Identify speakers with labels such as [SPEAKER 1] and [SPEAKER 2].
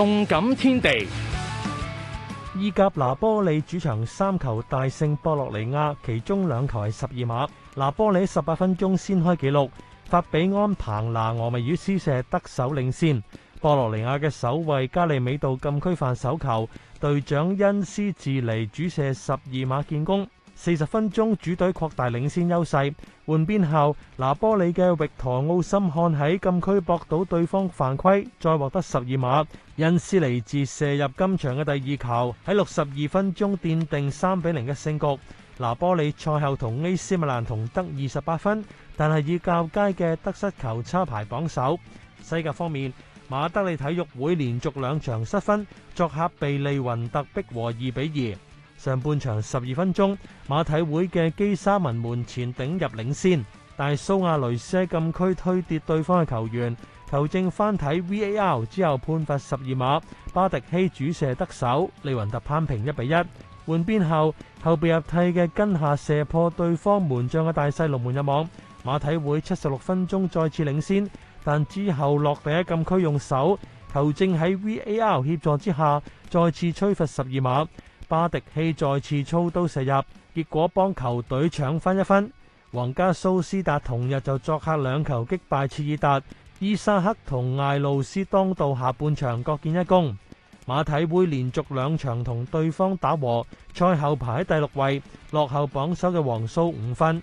[SPEAKER 1] 動感天地，意甲拿波里主場三球大勝博洛尼亞，其中兩球係十二碼。拿波里十八分鐘先開紀錄，法比安彭拿峨眉月施射得手領先。博洛尼亞嘅守衛加利美度禁區犯手球，隊長恩斯治尼主射十二碼建功。四十分鐘，主隊擴大領先優勢。換邊後，拿波里嘅域陀奧森漢喺禁區博到對方犯規，再獲得十二碼。恩斯尼治射入今場嘅第二球，喺六十二分鐘奠定三比零嘅勝局。拿波里賽後同 AC 米蘭同得二十八分，但係以較佳嘅得失球差排榜首。西甲方面，馬德里體育會連續兩場失分，作客被利雲特逼和二比二。上半場十二分鐘，馬體會嘅基沙文門前頂入領先，但蘇蘇亞雷斯禁區推跌對方嘅球員，球證翻睇 V A R 之後判罰十二碼，巴迪希主射得手，利雲特攀平一比一。換邊後，後備入替嘅根下射破對方門將嘅大細龍門入網，馬體會七十六分鐘再次領先，但之後落地喺禁區用手，球證喺 V A R 協助之下再次吹罰十二碼。巴迪希再次操刀射入，結果幫球隊搶翻一分。皇家蘇斯達同日就作客兩球擊敗切爾達，伊沙克同艾路斯當道下半場各建一功。馬體會連續兩場同對方打和，賽後排喺第六位，落後榜首嘅皇蘇五分。